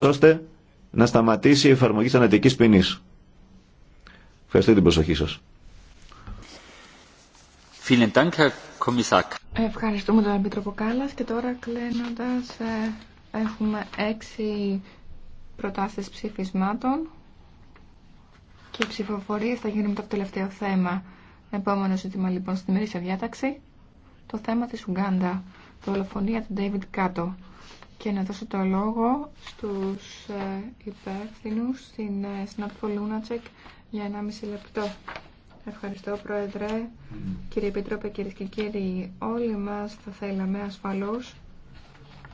ώστε να σταματήσει η εφαρμογή της ανατικής ποινής. Ευχαριστώ την προσοχή σας. Ευχαριστούμε τον Επίτροπο Κάλλας και τώρα κλείνοντας ε, έχουμε έξι προτάσεις ψηφισμάτων και οι ψηφοφορίες θα γίνουν το τελευταίο θέμα. Επόμενο ζήτημα λοιπόν στην ημερήσια διάταξη, το θέμα της Ουγγάντα, ολοφονία του Ντέιβιντ Κάτο και να δώσω το λόγο στους ε, υπεύθυνου στην Luna ε, Λούνατσεκ για 1,5 λεπτό. Ευχαριστώ Πρόεδρε, κύριε Επίτροπε, κυρίε και κύριοι. Όλοι μας θα θέλαμε ασφαλώς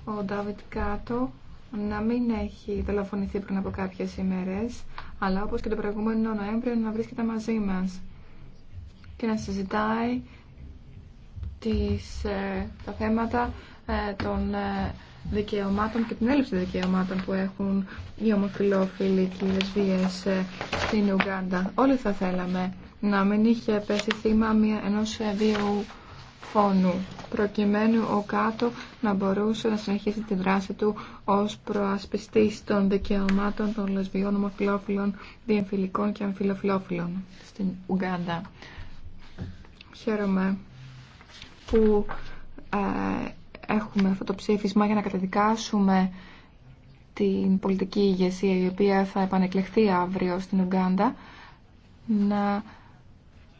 ο Ντάβιτ Κάτο να μην έχει δολοφονηθεί πριν από κάποιες ημέρες, αλλά όπως και το προηγούμενο Νοέμβριο να βρίσκεται μαζί μας και να συζητάει τις, ε, τα θέματα ε, των ε, δικαιωμάτων και την έλλειψη δικαιωμάτων που έχουν οι ομοφιλόφιλοι και οι λεσβείες στην Ουγγάντα. Όλοι θα θέλαμε να μην είχε πέσει θύμα μια, ενός βίου φόνου, προκειμένου ο Κάτω να μπορούσε να συνεχίσει τη δράση του ως προασπιστής των δικαιωμάτων των λεσβιών, ομοφιλόφιλων, διεμφυλικών και αμφιλοφιλόφιλων στην Ουγγάντα. Χαίρομαι που έχουμε αυτό το ψήφισμα για να καταδικάσουμε την πολιτική ηγεσία η οποία θα επανεκλεχθεί αύριο στην Ουγκάντα. Να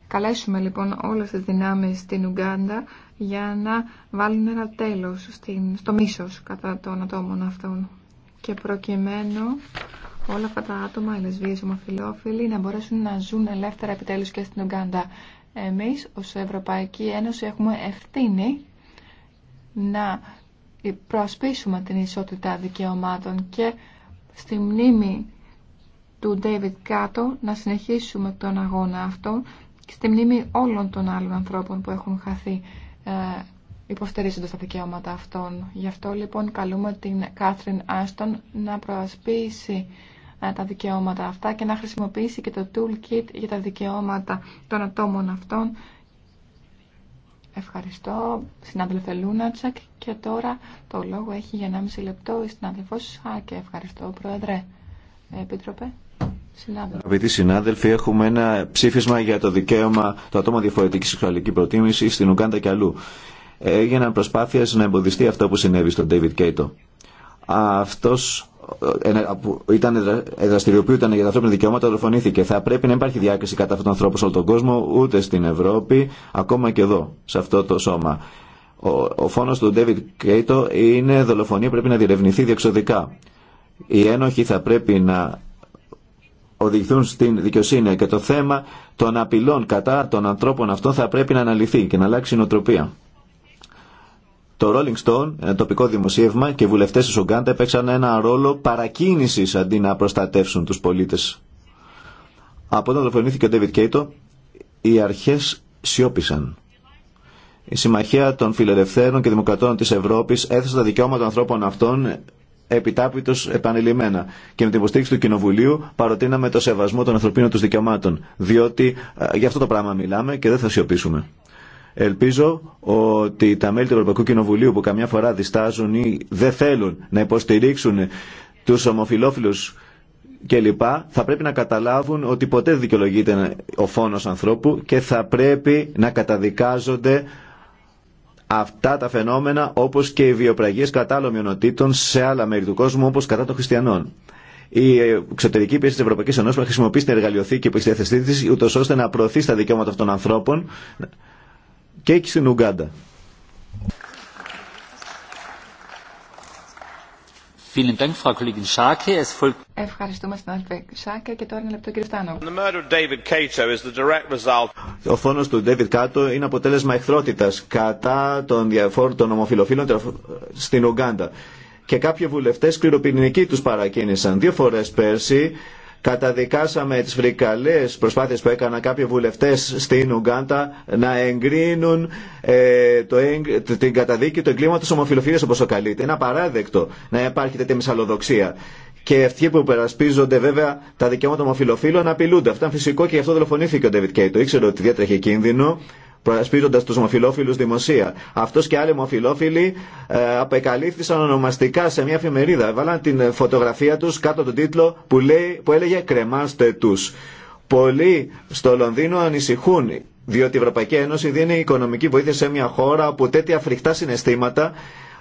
καλέσουμε λοιπόν όλες τις δυνάμεις στην Ουγκάντα για να βάλουν ένα τέλος στην, στο μίσος κατά των ατόμων αυτών. Και προκειμένου όλα αυτά τα άτομα, οι λεσβείες, ομοφιλόφιλοι, να μπορέσουν να ζουν ελεύθερα επιτέλους και στην Ουγκάντα. Εμείς ως Ευρωπαϊκή Ένωση έχουμε ευθύνη να προασπίσουμε την ισότητα δικαιωμάτων και στη μνήμη του David Κάτο να συνεχίσουμε τον αγώνα αυτό και στη μνήμη όλων των άλλων ανθρώπων που έχουν χαθεί ε, υποστηρίζοντας τα δικαιώματα αυτών. Γι' αυτό λοιπόν καλούμε την Κάθριν Άστον να προασπίσει ε, τα δικαιώματα αυτά και να χρησιμοποιήσει και το toolkit για τα δικαιώματα των ατόμων αυτών. Ευχαριστώ, συνάδελφε Λούνατσακ. Και τώρα το λόγο έχει για 1,5 λεπτό η Α, και Ευχαριστώ, Πρόεδρε. Επίτροπε. Αγαπητοί συνάδελφοι, έχουμε ένα ψήφισμα για το δικαίωμα του ατόμου διαφορετική σεξουαλική προτίμηση στην Ουγκάντα και αλλού. Έγιναν προσπάθειε να εμποδιστεί αυτό που συνέβη στον David Κέιτο. Αυτό ήταν, δραστηριοποιούταν για τα ανθρώπινα δικαιώματα, δολοφονήθηκε. Θα πρέπει να υπάρχει διάκριση κατά αυτόν τον ανθρώπο σε όλο τον κόσμο, ούτε στην Ευρώπη, ακόμα και εδώ, σε αυτό το σώμα. Ο, ο φόνος του Ντέβιτ Κέιτο είναι δολοφονία, πρέπει να διερευνηθεί διεξοδικά. Οι ένοχοι θα πρέπει να οδηγηθούν στην δικαιοσύνη και το θέμα των απειλών κατά των ανθρώπων αυτών θα πρέπει να αναλυθεί και να αλλάξει η νοοτροπία. Το Rolling Stone, ένα τοπικό δημοσίευμα και βουλευτέ βουλευτές της Ουγκάντα έπαιξαν ένα ρόλο παρακίνηση αντί να προστατεύσουν του πολίτε. Από όταν δολοφονήθηκε ο David Κέιτο, οι αρχέ σιώπησαν. Η Συμμαχία των Φιλελευθέρων και Δημοκρατών τη Ευρώπη έθεσε τα δικαιώματα των ανθρώπων αυτών επιτάπητο επανειλημμένα. Και με την υποστήριξη του Κοινοβουλίου παροτείναμε το σεβασμό των ανθρωπίνων του δικαιωμάτων. Διότι ε, για αυτό το πράγμα μιλάμε και δεν θα σιωπήσουμε. Ελπίζω ότι τα μέλη του Ευρωπαϊκού Κοινοβουλίου που καμιά φορά διστάζουν ή δεν θέλουν να υποστηρίξουν τους ομοφιλόφιλους και λοιπά, θα πρέπει να καταλάβουν ότι ποτέ δεν δικαιολογείται ο φόνος ανθρώπου και θα πρέπει να καταδικάζονται αυτά τα φαινόμενα όπως και οι βιοπραγίες κατά άλλων μειονοτήτων σε άλλα μέρη του κόσμου όπως κατά των χριστιανών. Η εξωτερική πίεση τη Ευρωπαϊκή Ενώση να χρησιμοποιήσει την εργαλειοθήκη που έχει στη τη, ούτω ώστε να προωθεί στα δικαιώματα αυτών των ανθρώπων και στην Ουγγάντα. Ευχαριστούμε στην Αλφέ Σάκε και τώρα ένα λεπτό κύριε Στάνο. Ο φόνος του Ντέβιτ Κάτο είναι αποτέλεσμα εχθρότητα κατά των διαφόρων των ομοφυλοφίλων στην Ουγγάντα. Και κάποιοι βουλευτέ σκληροπυρηνικοί του παρακίνησαν. Δύο φορέ πέρσι καταδικάσαμε τις φρικαλές προσπάθειες που έκαναν κάποιοι βουλευτές στην Ουγκάντα να εγκρίνουν ε, το, την καταδίκη του εγκλήματος ομοφιλοφιλίας όπως το καλείται. Είναι απαράδεκτο να υπάρχει τέτοια μυσαλλοδοξία. Και αυτοί που περασπίζονται βέβαια τα δικαιώματα ομοφιλοφίλων απειλούνται. Αυτό είναι φυσικό και γι' αυτό δολοφονήθηκε ο Ντέβιτ Κέιτο. Ήξερε ότι διέτρεχε κίνδυνο προασπίζοντα του ομοφυλόφιλου δημοσία. Αυτό και άλλοι ομοφυλόφιλοι ε, απεκαλύφθησαν ονομαστικά σε μια εφημερίδα. Βάλαν την φωτογραφία του κάτω από τον τίτλο που, λέει, που έλεγε Κρεμάστε του. Πολλοί στο Λονδίνο ανησυχούν διότι η Ευρωπαϊκή Ένωση δίνει οικονομική βοήθεια σε μια χώρα που τέτοια φρικτά συναισθήματα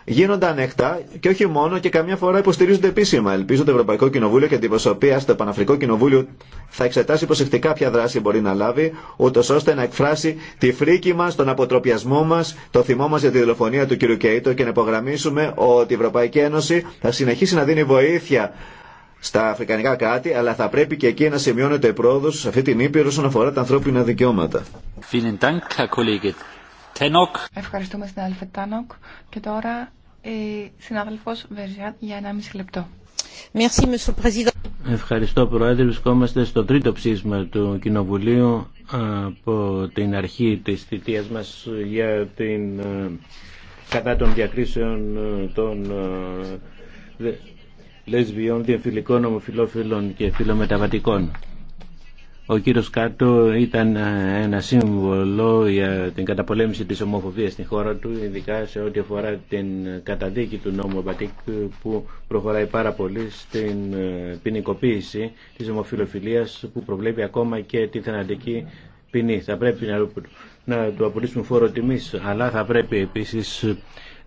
γίνονται ανεχτά και όχι μόνο και καμιά φορά υποστηρίζονται επίσημα. Ελπίζω το Ευρωπαϊκό Κοινοβούλιο και την προσωπία στο Παναφρικό Κοινοβούλιο θα εξετάσει προσεκτικά ποια δράση μπορεί να λάβει, ούτω ώστε να εκφράσει τη φρίκη μα, τον αποτροπιασμό μα, το θυμό μα για τη δολοφονία του κ. Κέιτο και να υπογραμμίσουμε ότι η Ευρωπαϊκή Ένωση θα συνεχίσει να δίνει βοήθεια στα αφρικανικά κράτη, αλλά θα πρέπει και εκεί να σημειώνεται πρόοδο σε αυτή την ήπειρο όσον αφορά τα ανθρώπινα δικαιώματα. Ευχαριστούμε στην αδελφή Τάνοκ. Και τώρα η συνάδελφος Βερζιάν για 1,5 λεπτό. Ευχαριστώ Πρόεδρε. Βρισκόμαστε στο τρίτο ψήσμα του Κοινοβουλίου ε, από την αρχή της θητείας μας για την ε, κατά των διακρίσεων ε, των λεσβιών, διαφιλικών, ομοφιλόφιλων και φιλομεταβατικών. Ο κύριος κάτω ήταν ε, ένα σύμβολο για την καταπολέμηση της ομοφοβίας στην χώρα του, ειδικά σε ό,τι αφορά την καταδίκη του νόμου Μπατίκ που προχωράει πάρα πολύ στην ε, ποινικοποίηση της ομοφιλοφιλίας που προβλέπει ακόμα και τη θενατική ποινή. Θα πρέπει να, να του απολύσουμε φόρο τιμής, αλλά θα πρέπει επίσης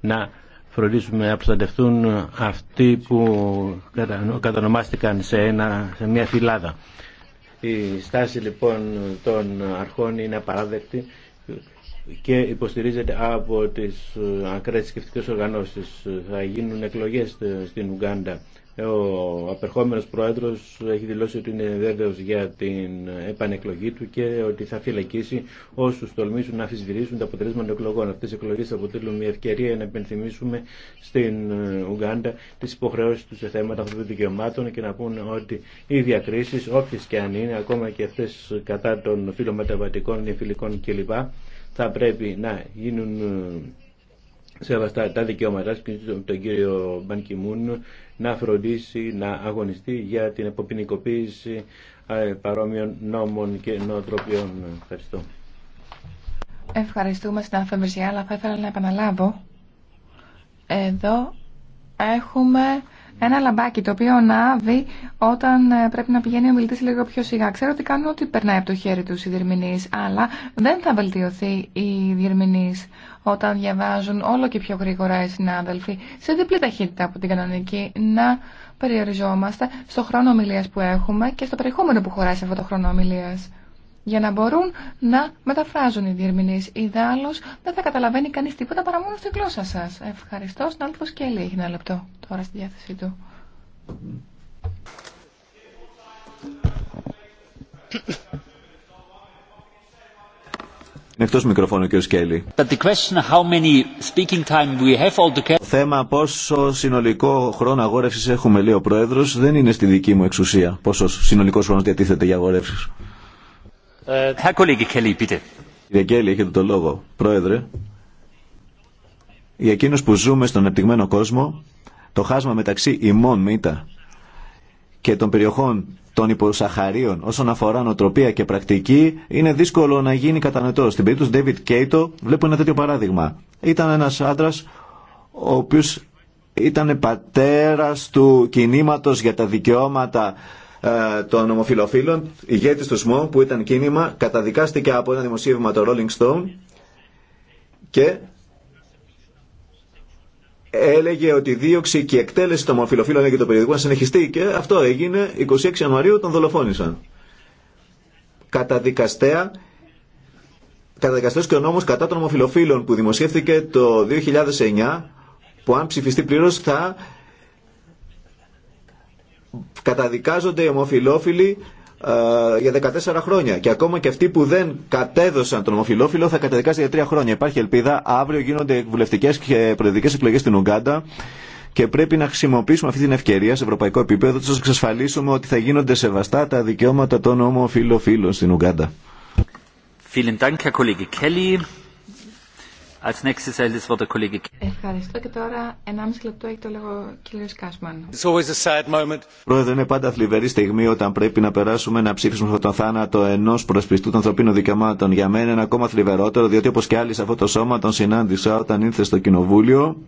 να φροντίσουμε να προστατευτούν αυτοί που κατανομάστηκαν σε, ένα, σε μια φυλάδα. Η στάση λοιπόν των αρχών είναι απαράδεκτη και υποστηρίζεται από τις ακραίες σκεφτικές οργανώσεις. Θα γίνουν εκλογές στην Ουγγάντα ο απερχόμενος πρόεδρος έχει δηλώσει ότι είναι βέβαιος για την επανεκλογή του και ότι θα φυλακίσει όσους τολμήσουν να αφισβητήσουν τα αποτελέσματα των εκλογών. Αυτές οι εκλογές αποτελούν μια ευκαιρία να επενθυμίσουμε στην ε, Ουγγάντα τις υποχρεώσεις του σε θέματα αυτών των δικαιωμάτων και να πούνε ότι οι διακρίσεις, όποιες και αν είναι, ακόμα και αυτές κατά των φιλομεταβατικών, νεφιλικών κλπ, θα πρέπει να γίνουν ε, σεβαστά τα δικαιώματά και τον κύριο Μπανκιμούν να φροντίσει να αγωνιστεί για την αποποινικοποίηση ε, παρόμοιων νόμων και νοοτροπιών. Ευχαριστώ. Ευχαριστούμε στην Ανθομυρσιά, αλλά θα ήθελα να επαναλάβω. Εδώ έχουμε ένα λαμπάκι το οποίο να δει όταν ε, πρέπει να πηγαίνει ο μιλητή λίγο πιο σιγά. Ξέρω ότι κάνουν ό,τι περνάει από το χέρι του οι διερμηνεί, αλλά δεν θα βελτιωθεί οι διερμηνεί όταν διαβάζουν όλο και πιο γρήγορα οι συνάδελφοι σε διπλή ταχύτητα από την κανονική να περιοριζόμαστε στο χρόνο ομιλία που έχουμε και στο περιεχόμενο που χωράει σε αυτό το χρόνο ομιλία για να μπορούν να μεταφράζουν οι διερμηνείς. Ιδάλλως δεν θα καταλαβαίνει κανείς τίποτα παρά μόνο στη γλώσσα σας. Ευχαριστώ. άλλο Κέλλη έχει ένα λεπτό τώρα στη διάθεσή του. Είναι εκτός μικροφώνου και ο Σκέλη. Το θέμα πόσο συνολικό χρόνο αγόρευσης έχουμε, λέει ο Πρόεδρος, δεν είναι στη δική μου εξουσία. Πόσο συνολικός χρόνος διατίθεται για αγόρευσεις. Ε, Κύριε Κέλλη, έχετε το λόγο. Πρόεδρε, για εκείνους που ζούμε στον ανεπτυγμένο κόσμο, το χάσμα μεταξύ ημών μήτα και των περιοχών των υποσαχαρίων όσον αφορά νοοτροπία και πρακτική είναι δύσκολο να γίνει κατανοητό. Στην περίπτωση του David Κέιτο βλέπω ένα τέτοιο παράδειγμα. Ήταν ένας άντρα ο οποίος ήταν πατέρας του κινήματος για τα δικαιώματα ε, των ομοφιλοφίλων, ηγέτης του ΣΜΟ που ήταν κίνημα, καταδικάστηκε από ένα δημοσίευμα το Rolling Stone και έλεγε ότι η δίωξη και η εκτέλεση των ομοφιλοφίλων έγινε το περιοδικό να συνεχιστεί και αυτό έγινε 26 Ιανουαρίου τον δολοφόνησαν. Καταδικαστέα καταδικαστές και ο νόμος κατά των ομοφιλοφίλων που δημοσιεύθηκε το 2009 που αν ψηφιστεί πλήρως θα καταδικάζονται οι ομοφιλόφιλοι ε, για 14 χρόνια. Και ακόμα και αυτοί που δεν κατέδωσαν τον ομοφιλόφιλο θα καταδικάζονται για 3 χρόνια. Υπάρχει ελπίδα. Αύριο γίνονται βουλευτικέ και προεδρικέ εκλογέ στην Ουγγάντα. Και πρέπει να χρησιμοποιήσουμε αυτή την ευκαιρία σε ευρωπαϊκό επίπεδο, ώστε να εξασφαλίσουμε ότι θα γίνονται σεβαστά τα δικαιώματα των ομοφιλοφίλων στην Ουγγάντα. Ευχαριστώ και τώρα 1,5 λεπτό έχει το λόγο κ. Κάσμαν. Πρόεδρε, είναι πάντα θλιβερή στιγμή όταν πρέπει να περάσουμε να ψήφισουμε αυτό τον θάνατο ενό προσπιστού των ανθρωπίνων δικαιωμάτων. Για μένα είναι ακόμα θλιβερότερο, διότι όπω και άλλοι σε αυτό το σώμα τον συνάντησα όταν ήρθε στο Κοινοβούλιο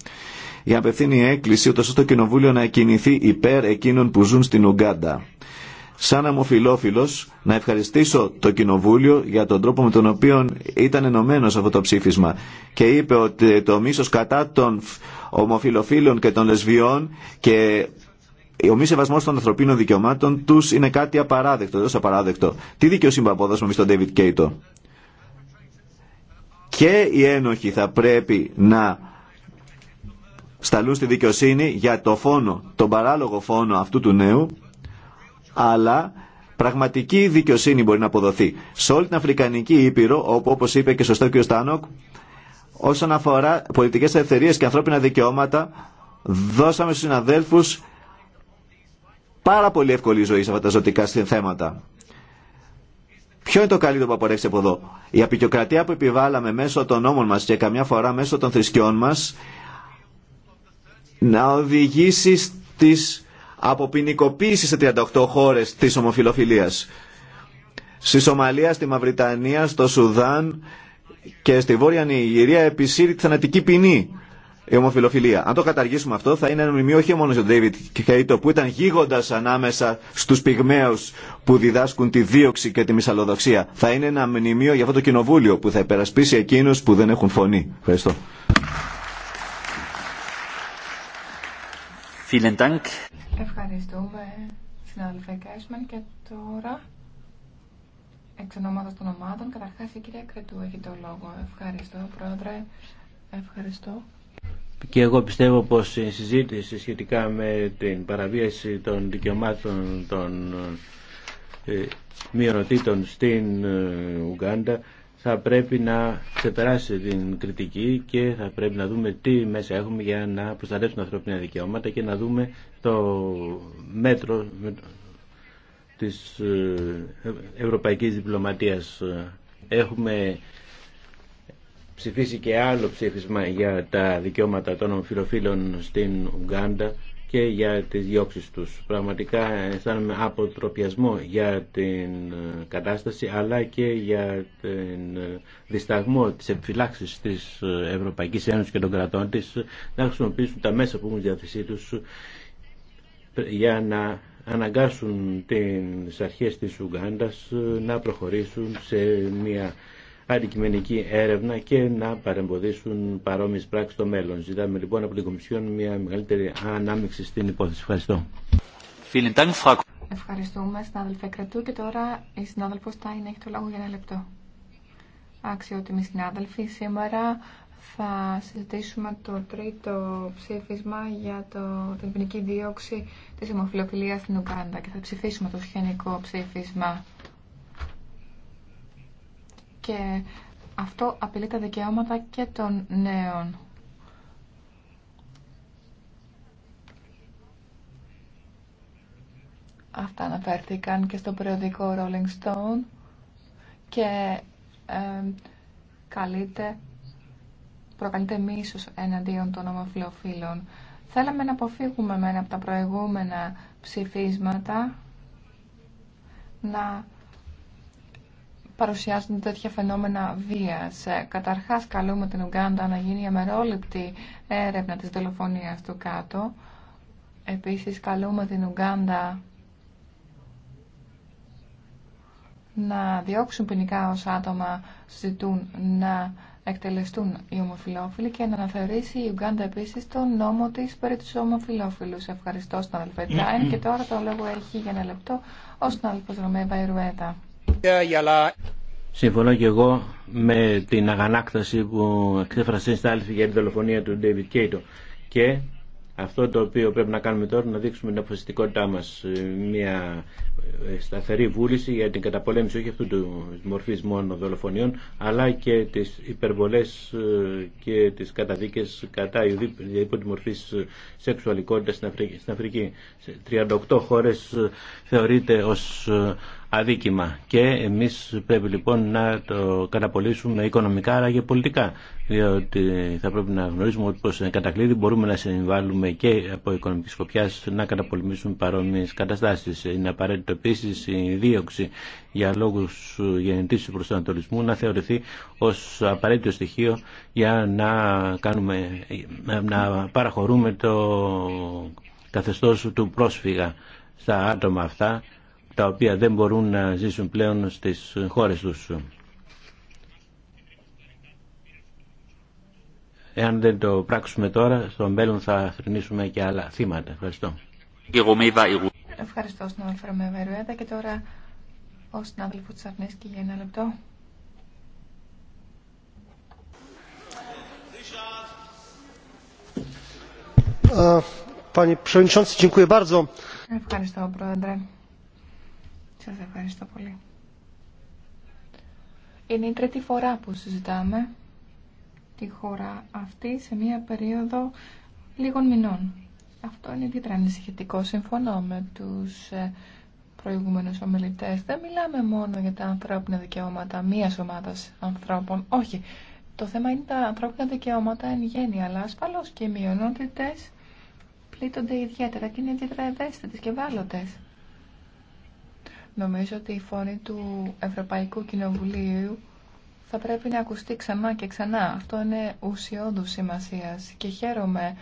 για να απευθύνει η έκκληση ούτω ώστε το Κοινοβούλιο να κινηθεί υπέρ εκείνων που ζουν στην Ουγγάντα σαν αμοφιλόφιλος να ευχαριστήσω το Κοινοβούλιο για τον τρόπο με τον οποίο ήταν ενωμένο αυτό το ψήφισμα και είπε ότι το μίσος κατά των ομοφιλοφίλων και των λεσβιών και ο μη σεβασμό των ανθρωπίνων δικαιωμάτων του είναι κάτι απαράδεκτο, τόσο απαράδεκτο. Τι δικαιοσύνη απόδωσαμε εμεί στον Ντέβιτ Κέιτο. Και οι ένοχοι θα πρέπει να σταλούν στη δικαιοσύνη για το φόνο, τον παράλογο φόνο αυτού του νέου αλλά πραγματική δικαιοσύνη μπορεί να αποδοθεί. Σε όλη την Αφρικανική Ήπειρο, όπου όπως είπε και σωστό και ο Στάνοκ, όσον αφορά πολιτικές ελευθερίες και ανθρώπινα δικαιώματα, δώσαμε στους συναδέλφους πάρα πολύ εύκολη ζωή σε αυτά τα ζωτικά θέματα. Ποιο είναι το καλύτερο που απορρέξει από εδώ. Η απεικιοκρατία που επιβάλαμε μέσω των νόμων μας και καμιά φορά μέσω των θρησκειών μας να οδηγήσει στις από ποινικοποίηση σε 38 χώρε τη ομοφιλοφιλίας. Στη Σομαλία, στη Μαυριτανία, στο Σουδάν και στη Βόρεια Νιγηρία επισύρει τη θανατική ποινή η ομοφιλοφιλία. Αν το καταργήσουμε αυτό θα είναι ένα μνημείο όχι μόνο τον Ντέιβιτ Κέιτο που ήταν γίγοντα ανάμεσα στου πυγμέου που διδάσκουν τη δίωξη και τη μυσαλλοδοξία. Θα είναι ένα μνημείο για αυτό το κοινοβούλιο που θα υπερασπίσει εκείνου που δεν έχουν φωνή. Ευχαριστώ. Ευχαριστούμε, συνάδελφε Κάισμαν. Και τώρα, εξ ονόματος των ομάδων, καταρχάς η κυρία Κρετού έχει το λόγο. Ευχαριστώ, Πρόεδρε. Ευχαριστώ. Και εγώ πιστεύω πως η συζήτηση σχετικά με την παραβίαση των δικαιωμάτων των ε, μειονοτήτων στην ε, Ουγγάντα θα πρέπει να ξεπεράσει την κριτική και θα πρέπει να δούμε τι μέσα έχουμε για να προστατεύσουμε ανθρώπινα δικαιώματα και να δούμε το μέτρο της ε, ευρωπαϊκής διπλωματίας. Έχουμε ψηφίσει και άλλο ψήφισμα για τα δικαιώματα των φιλοφίλων στην Ουγγάντα και για τις διώξεις τους. Πραγματικά αισθάνομαι αποτροπιασμό για την ε, κατάσταση αλλά και για την ε, δισταγμό της επιφυλάξης της ε, Ευρωπαϊκής Ένωσης και των κρατών της να χρησιμοποιήσουν τα μέσα που έχουν διαθεσή τους για να αναγκάσουν τις αρχές της Ουγγάντας να προχωρήσουν σε μια αντικειμενική έρευνα και να παρεμποδίσουν παρόμοιε πράξει στο μέλλον. Ζητάμε λοιπόν από την Κομισιόν μια μεγαλύτερη ανάμειξη στην υπόθεση. Ευχαριστώ. Ευχαριστούμε, συνάδελφε Κρατού. Και τώρα η συνάδελφος Στάιν έχει το λόγο για ένα λεπτό. Αξιότιμοι συνάδελφοι, σήμερα θα συζητήσουμε το τρίτο ψήφισμα για το, την ποινική δίωξη της ομοφιλοφιλίας στην Ουγκάντα και θα ψηφίσουμε το σχετικό ψήφισμα και αυτό απειλεί τα δικαιώματα και των νέων. Αυτά αναφέρθηκαν και στο περιοδικό Rolling Stone και ε, καλείται, προκαλείται μίσος εναντίον των ομοφιλοφίλων. Θέλαμε να αποφύγουμε με ένα από τα προηγούμενα ψηφίσματα να παρουσιάζονται τέτοια φαινόμενα βίας. Ε, καταρχάς καλούμε την Ουγγάντα να γίνει αμερόληπτη έρευνα της δολοφονίας του κάτω. Επίσης καλούμε την Ουγγάντα να διώξουν ποινικά ως άτομα ζητούν να εκτελεστούν οι ομοφιλόφιλοι και να αναθεωρήσει η Ουγγάντα επίσης τον νόμο της περί του ομοφιλόφιλους. Ευχαριστώ στον Αλφετάιν και τώρα το λόγο έχει για ένα λεπτό ω στον Συμφωνώ και εγώ με την αγανάκταση που εξέφρασε στην άλλη για τη δολοφονία του Ντέιβιτ Κέιτο. Και αυτό το οποίο πρέπει να κάνουμε τώρα να δείξουμε την αποφασιστικότητά μα. μια σταθερή βούληση για την καταπολέμηση όχι αυτού του μορφής μόνο δολοφονιών αλλά και τι υπερβολές ε, και τι καταδίκες κατά υπό τη μορφή σεξουαλικότητα στην Αφρική. 38 χώρε ε, θεωρείται ως ε, αδίκημα και εμείς πρέπει λοιπόν να το καταπολύσουμε οικονομικά αλλά και πολιτικά διότι θα πρέπει να γνωρίζουμε ότι πως κατακλείδη μπορούμε να συμβάλλουμε και από οικονομική σκοπιά να καταπολεμήσουμε παρόμοιες καταστάσεις. Είναι απαραίτητο επίση η δίωξη για λόγους γεννητής προσανατολισμού να θεωρηθεί ως απαραίτητο στοιχείο για να, κάνουμε, να παραχωρούμε το καθεστώς του πρόσφυγα στα άτομα αυτά τα οποία δεν μπορούν να ζήσουν πλέον στις χώρες τους. Εάν δεν το πράξουμε τώρα, στο μέλλον θα θρυνήσουμε και άλλα θύματα. Ευχαριστώ. Ευχαριστώ στον Αλφαρμέ και τώρα ο συνάδελφος Τσαρνέσκη για ένα λεπτό. Ε, Ευχαριστώ, Πρόεδρε. Σας ευχαριστώ πολύ. Είναι η τρίτη φορά που συζητάμε τη χώρα αυτή σε μία περίοδο λίγων μηνών. Αυτό είναι ιδιαίτερα ανησυχητικό. Συμφωνώ με τους ε, προηγούμενους ομιλητές. Δεν μιλάμε μόνο για τα ανθρώπινα δικαιώματα μίας ομάδας ανθρώπων. Όχι. Το θέμα είναι τα ανθρώπινα δικαιώματα εν γέννη, αλλά ασφαλώς και οι μειονότητες πλήττονται ιδιαίτερα και είναι ιδιαίτερα ευαίσθητες και βάλλοντες. Νομίζω ότι η φωνή του Ευρωπαϊκού Κοινοβουλίου θα πρέπει να ακουστεί ξανά και ξανά. Αυτό είναι ουσιώδου σημασία και χαίρομαι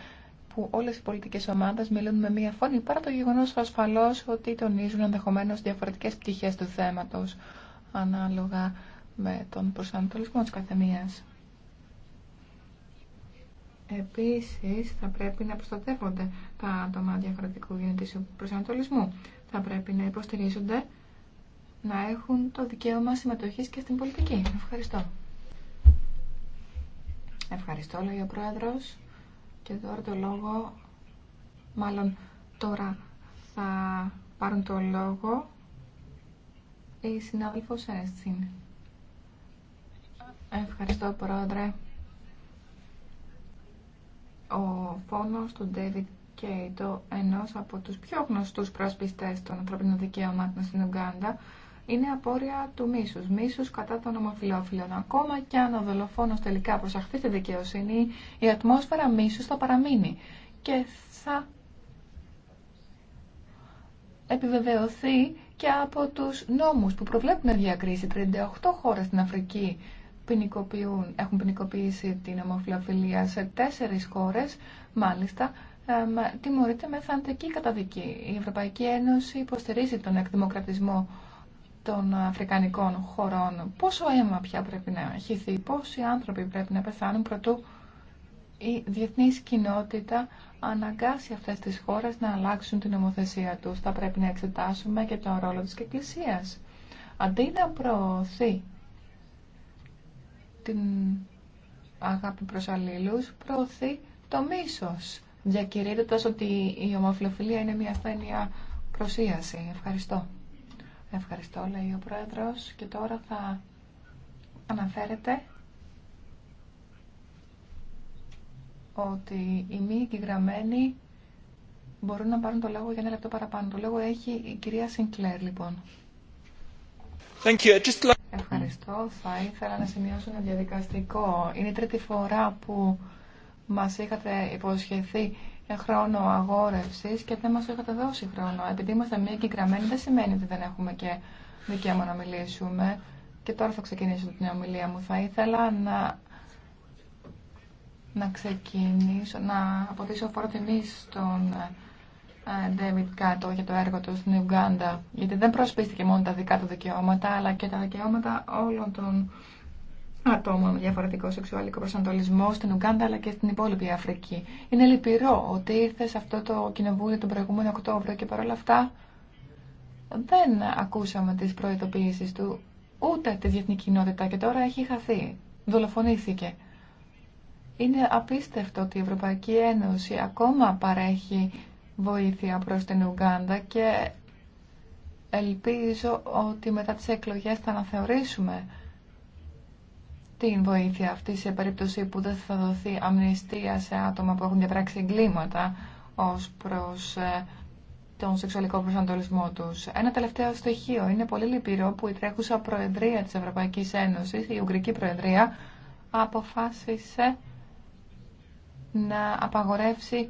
που όλε οι πολιτικέ ομάδε μιλούν με μία φωνή παρά το γεγονό ασφαλώ ότι τονίζουν ενδεχομένω διαφορετικέ πτυχέ του θέματο ανάλογα με τον προσανατολισμό τη καθεμία. Επίση θα πρέπει να προστατεύονται τα άτομα διαφορετικού γενετήσιου προσανατολισμού. Θα πρέπει να υποστηρίζονται να έχουν το δικαίωμα συμμετοχής και στην πολιτική. Ευχαριστώ. Ευχαριστώ, λέει ο Πρόεδρος. Και τώρα το λόγο, μάλλον τώρα θα πάρουν το λόγο η συνάδελφος Έστιν. Ευχαριστώ, Πρόεδρε. Ο φόνος του David Κέιτο, ενός από τους πιο γνωστούς προσπιστές των ανθρωπίνων δικαιωμάτων στην Ουγγάντα, είναι απόρρια του μίσου. Μίσου κατά των ομοφυλόφιλων. Ακόμα και αν ο δολοφόνο τελικά προσαχθεί στη δικαιοσύνη, η ατμόσφαιρα μίσου θα παραμείνει και θα επιβεβαιωθεί και από τους νόμους που προβλέπουν διακρίση. 38 χώρες στην Αφρική ποινικοποιούν, έχουν ποινικοποιήσει την ομοφυλοφιλία σε τέσσερι χώρες, μάλιστα, τιμωρείται με θαντική καταδική. Η Ευρωπαϊκή Ένωση υποστηρίζει τον εκδημοκρατισμό των αφρικανικών χωρών. Πόσο αίμα πια πρέπει να χυθεί, πόσοι άνθρωποι πρέπει να πεθάνουν προτού η διεθνή κοινότητα αναγκάσει αυτές τις χώρες να αλλάξουν την νομοθεσία τους. Θα πρέπει να εξετάσουμε και τον ρόλο της Εκκλησίας. Αντί να προωθεί την αγάπη προς αλλήλους, προωθεί το μίσος, διακηρύττοντας ότι η ομοφυλοφιλία είναι μια ασθένεια προσίαση. Ευχαριστώ. Ευχαριστώ, λέει ο Πρόεδρος. Και τώρα θα αναφέρετε ότι οι μη εγγυγραμμένοι μπορούν να πάρουν το λόγο για ένα λεπτό παραπάνω. Το λόγο έχει η κυρία Σινκλέρ, λοιπόν. Ευχαριστώ. Θα ήθελα να σημειώσω ένα διαδικαστικό. Είναι η τρίτη φορά που μας είχατε υποσχεθεί χρόνο αγόρευση και δεν μα είχατε δώσει χρόνο. Επειδή είμαστε μία κυκραμένη δεν σημαίνει ότι δεν έχουμε και δικαίωμα να μιλήσουμε. Και τώρα θα ξεκινήσω την ομιλία μου. Θα ήθελα να, να ξεκινήσω, να αποτίσω φορό τιμή στον ε, David Κάτο για το έργο του στην Ουγγάντα. Γιατί δεν προσπίστηκε μόνο τα δικά του δικαιώματα, αλλά και τα δικαιώματα όλων των ατόμων με διαφορετικό σεξουαλικό προσανατολισμό στην Ουγκάντα αλλά και στην υπόλοιπη Αφρική. Είναι λυπηρό ότι ήρθε σε αυτό το κοινοβούλιο τον προηγούμενο Οκτώβριο και παρόλα αυτά δεν ακούσαμε τις προειδοποιήσεις του ούτε τη διεθνή κοινότητα και τώρα έχει χαθεί, δολοφονήθηκε. Είναι απίστευτο ότι η Ευρωπαϊκή Ένωση ακόμα παρέχει βοήθεια προς την Ουγκάντα και ελπίζω ότι μετά τις εκλογές θα αναθεωρήσουμε την βοήθεια αυτή σε περίπτωση που δεν θα δοθεί αμνηστία σε άτομα που έχουν διαπράξει εγκλήματα ως προς ε, τον σεξουαλικό προσανατολισμό τους. Ένα τελευταίο στοιχείο. Είναι πολύ λυπηρό που η τρέχουσα Προεδρία της Ευρωπαϊκής Ένωσης, η Ουγγρική Προεδρία, αποφάσισε να απαγορεύσει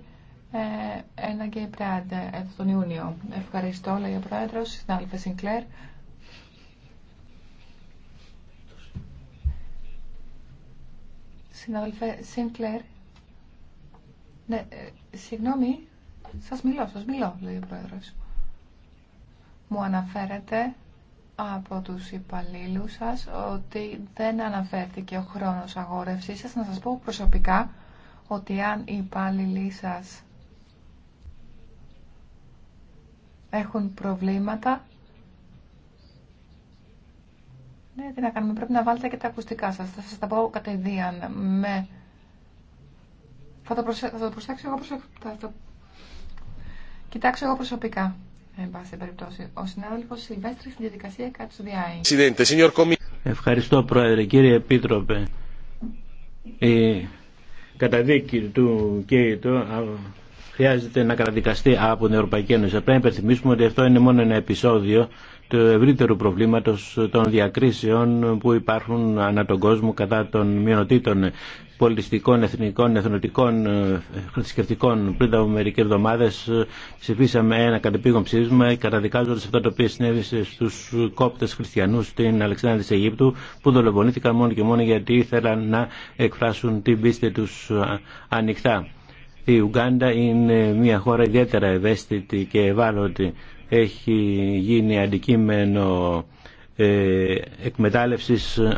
ε, ένα γκέι πριν τον Ιούνιο. Ευχαριστώ, λέει ο Πρόεδρος, συνάδελφε Σινκλέρ. Συνάδελφε Σίνκλερ, ναι, ε, συγγνώμη, σας μιλώ, σα μιλώ, λέει ο Μου αναφέρετε από τους υπαλλήλου σας ότι δεν αναφέρθηκε ο χρόνος αγορευσή σα Να σας πω προσωπικά ότι αν οι υπάλληλοι σα έχουν προβλήματα, ναι, τι να κάνουμε, πρέπει να βάλετε και τα ακουστικά σας. Θα σας τα πω κατευθείαν με... Θα το, προσε... προσέξω εγώ προσωπικά. το... Κοιτάξω εγώ προσωπικά. Εν πάση περιπτώσει, ο συνάδελφος Σιλβέστρη στην διαδικασία κάτω διάει. Ευχαριστώ Πρόεδρε. Κύριε Επίτροπε, η καταδίκη του Κέιτο χρειάζεται να καταδικαστεί από την Ευρωπαϊκή Ένωση. Πρέπει να υπενθυμίσουμε ότι αυτό είναι μόνο ένα επεισόδιο του ευρύτερου προβλήματο των διακρίσεων που υπάρχουν ανά τον κόσμο κατά των μειονοτήτων πολιτιστικών, εθνικών, εθνοτικών, ε, θρησκευτικών. Πριν από μερικέ εβδομάδε ε, ψηφίσαμε ένα κατεπήγον ψήφισμα καταδικάζοντα αυτό το οποίο συνέβησε στου κόπτε χριστιανού στην Αλεξάνδρεια τη Αιγύπτου που δολοφονήθηκαν μόνο και μόνο γιατί ήθελαν να εκφράσουν την πίστη του ε, ανοιχτά. Η Ουγκάντα είναι μια χώρα ιδιαίτερα ευαίσθητη και ευάλωτη. Έχει γίνει αντικείμενο ε,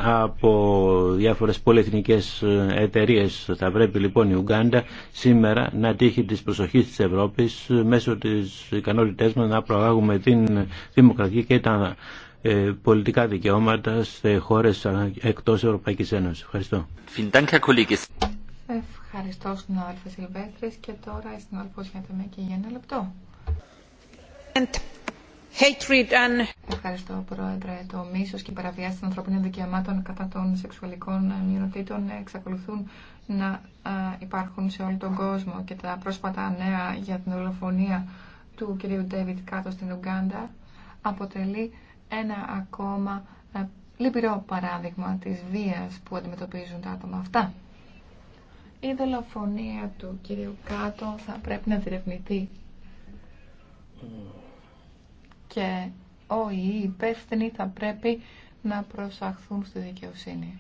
από διάφορες πολυεθνικές εταιρείες. Θα πρέπει λοιπόν η Ουγκάντα σήμερα να τύχει της προσοχής της Ευρώπης μέσω της ικανότητές μας να προάγουμε την δημοκρατία και τα ε, πολιτικά δικαιώματα σε χώρες εκτός Ευρωπαϊκής Ένωσης. Ευχαριστώ. Ευχαριστώ συνάδελφε Σιλβέστρης και τώρα στην συνάδελφος για και για ένα λεπτό. Ευχαριστώ, Πρόεδρε. Το μίσο και η παραβιάση των ανθρωπίνων δικαιωμάτων κατά των σεξουαλικών μειονοτήτων εξακολουθούν να υπάρχουν σε όλο τον κόσμο και τα πρόσφατα νέα για την ολοφονία του κυρίου Ντέβιτ κάτω στην Ουγγάντα αποτελεί ένα ακόμα λυπηρό παράδειγμα της βίας που αντιμετωπίζουν τα άτομα αυτά. Η δολοφονία του κυρίου Κάτω θα πρέπει να διερευνηθεί. Και όλοι οι υπεύθυνοι θα πρέπει να προσαχθούν στη δικαιοσύνη.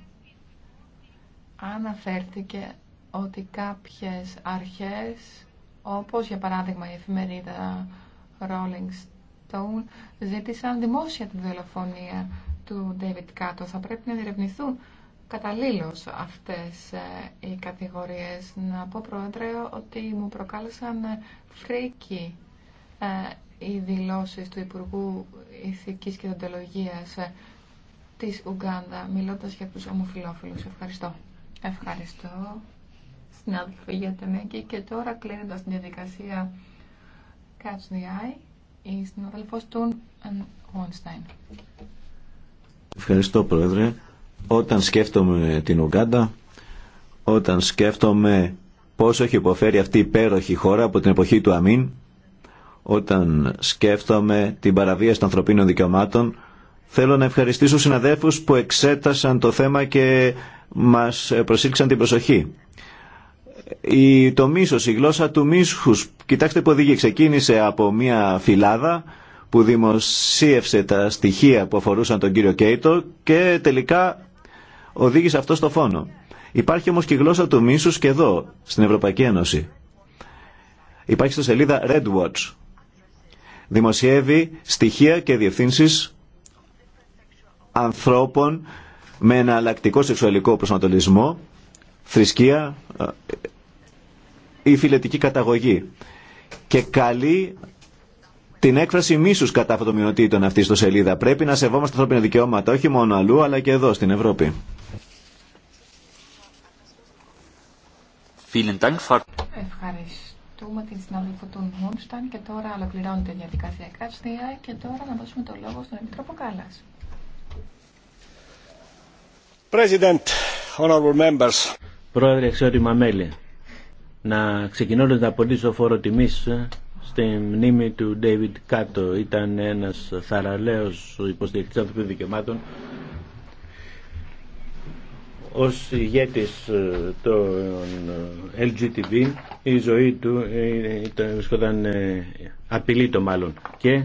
Αναφέρθηκε ότι κάποιες αρχές, όπως για παράδειγμα η εφημερίδα Rolling Stone, ζήτησαν δημόσια τη δολοφονία του David Κάτω. Θα πρέπει να διερευνηθούν καταλήλως αυτές ε, οι κατηγορίες. Να πω, Πρόεδρε, ότι μου προκάλεσαν φρίκι ε, οι δηλώσεις του Υπουργού Ηθικής και Δοντολογίας ε, της Ουγκάντα, μιλώντας για τους ομοφιλόφιλους. Ευχαριστώ. Ευχαριστώ, συνάδελφοι, για την Και τώρα, κλείνοντας την διαδικασία Catch the Eye, η συνάδελφος του Ευχαριστώ, Πρόεδρε. Όταν σκέφτομαι την Ουγκάντα, όταν σκέφτομαι πόσο έχει υποφέρει αυτή η υπέροχη χώρα από την εποχή του Αμίν, όταν σκέφτομαι την παραβίαση των ανθρωπίνων δικαιωμάτων, θέλω να ευχαριστήσω συναδέλφους που εξέτασαν το θέμα και μας προσήλξαν την προσοχή. Η, το μίσος, η γλώσσα του μίσους, κοιτάξτε που οδηγεί, ξεκίνησε από μια φυλάδα που δημοσίευσε τα στοιχεία που αφορούσαν τον κύριο Κέιτο και τελικά οδήγησε αυτό στο φόνο. Υπάρχει όμως και η γλώσσα του μίσους και εδώ, στην Ευρωπαϊκή Ένωση. Υπάρχει στο σελίδα Red Watch. Δημοσιεύει στοιχεία και διευθύνσεις ανθρώπων με εναλλακτικό σεξουαλικό προσανατολισμό, θρησκεία ε, ή φιλετική καταγωγή και καλή την έκφραση μίσου κατά αυτών των μειονοτήτων αυτή στο σελίδα. Πρέπει να σεβόμαστε ανθρώπινα δικαιώματα, όχι μόνο αλλού, αλλά και εδώ στην Ευρώπη. Ευχαριστούμε την συνάδελφο του Μούνσταν και τώρα ολοκληρώνεται η διαδικασία κραυστία και τώρα να δώσουμε το λόγο στον Επιτρόπο Κάλλας. President, honorable members. Πρόεδρε, αξιότιμα μέλη. Να ξεκινώ να απολύσω φόρο τιμής στη μνήμη του David Κάτο. Ήταν ένας θαραλέος υποστηρικτής ανθρωπίνων δικαιωμάτων. Ως ηγέτης ε, των ε, LGTB η ζωή του ε, βρισκόταν απειλή το μάλλον και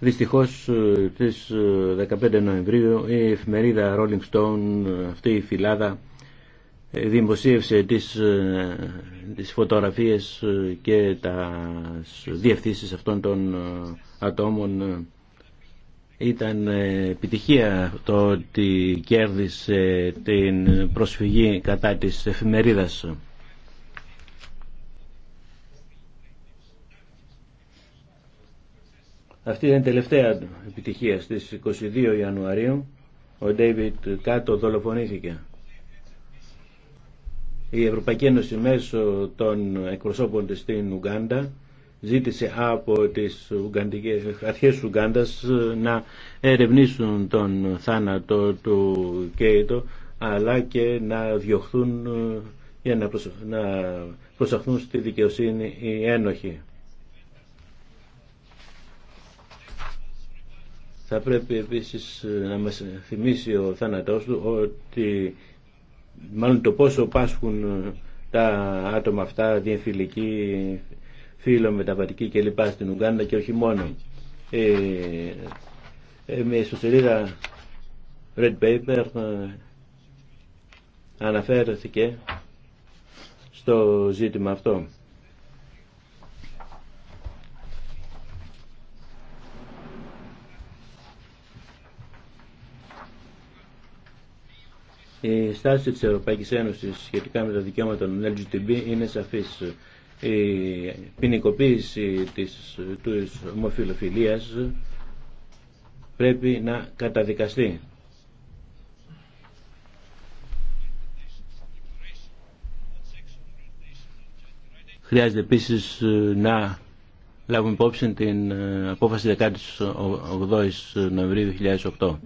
Δυστυχώς στις 15 Νοεμβρίου η εφημερίδα Rolling Stone αυτή η φυλάδα δημοσίευσε τις, ε, τις φωτογραφίες ε, και τα διευθύνσεις αυτών των ε, ατόμων ήταν επιτυχία το ότι κέρδισε την προσφυγή κατά της εφημερίδας. Αυτή ήταν η τελευταία επιτυχία. Στις 22 Ιανουαρίου ο Ντέιβιτ Κάτο δολοφονήθηκε η Ευρωπαϊκή Ένωση μέσω των εκπροσώπων της στην Ουγγάντα ζήτησε από τις αρχές της να ερευνήσουν τον θάνατο του Κέιτο αλλά και να διωχθούν για να, να προσαχθούν στη δικαιοσύνη οι ένοχοι. Θα πρέπει επίσης να μας θυμίσει ο θάνατός του ότι μάλλον το πόσο πάσχουν ε, τα άτομα αυτά, διεμφυλικοί, και λοιπά στην Ουγγάντα και όχι μόνο. Ε, ε με ιστοσελίδα Red Paper ε, αναφέρθηκε στο ζήτημα αυτό. Η στάση της Ευρωπαϊκής Ένωσης σχετικά με τα δικαιώματα των LGTB είναι σαφής. Η ποινικοποίηση της, της πρέπει να καταδικαστεί. Χρειάζεται επίσης ε, να λάβουμε υπόψη την ε, απόφαση 18 Νοεμβρίου 2008.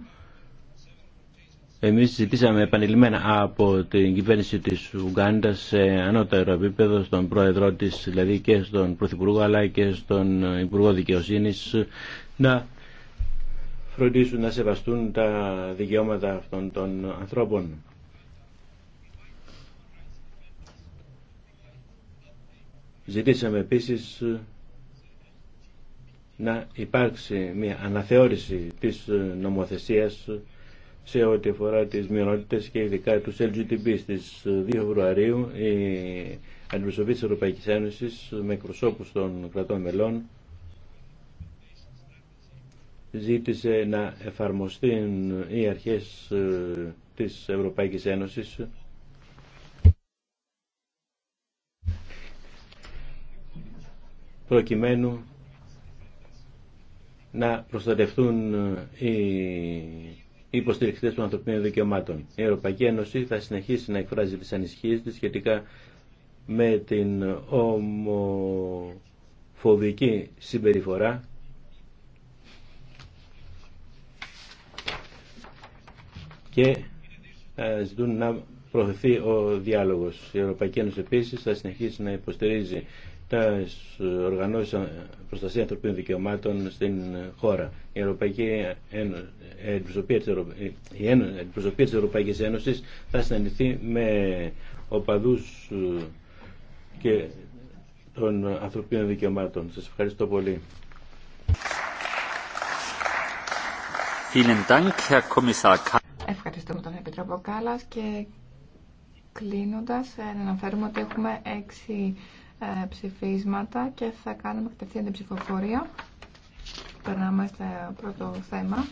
Εμείς ζητήσαμε επανειλημμένα από την κυβέρνηση της Ουγγάντας σε ανώτερο επίπεδο στον πρόεδρό της, δηλαδή και στον Πρωθυπουργό αλλά και στον Υπουργό Δικαιοσύνης να φροντίσουν να σεβαστούν τα δικαιώματα αυτών των ανθρώπων. Ζητήσαμε επίσης να υπάρξει μια αναθεώρηση της νομοθεσίας σε ό,τι αφορά τις μειονότητες και ειδικά τους LGTB. Στις 2 Φεβρουαρίου η Αντιπροσωπή της Ευρωπαϊκής Ένωσης με εκπροσώπους των κρατών μελών ζήτησε να εφαρμοστούν οι αρχές ε, της Ευρωπαϊκής Ένωσης προκειμένου να προστατευτούν ε, οι υποστηριχτέ των ανθρωπίνων δικαιωμάτων. Η Ευρωπαϊκή Ένωση θα συνεχίσει να εκφράζει τις ανησυχίες της σχετικά με την ομοφοβική συμπεριφορά και ε, ζητούν να προωθηθεί ο διάλογος. Η Ευρωπαϊκή Ένωση επίσης θα συνεχίσει να υποστηρίζει τα οργανώσει ε, προστασία ανθρωπίνων δικαιωμάτων στην χώρα. Η Ευρωπαϊκή Ένωση, ε, η Προσωπία της Ευρωπαϊκή Ένωσης θα συναντηθεί με οπαδούς ε, και των ανθρωπίνων δικαιωμάτων. Σας ευχαριστώ πολύ. Ευχαριστούμε τον Επιτρόπο Κάλλας και κλείνοντας να αναφέρουμε ότι έχουμε έξι ε, ψηφίσματα και θα κάνουμε κατευθείαν την ψηφοφορία. Περνάμε στο πρώτο θέμα.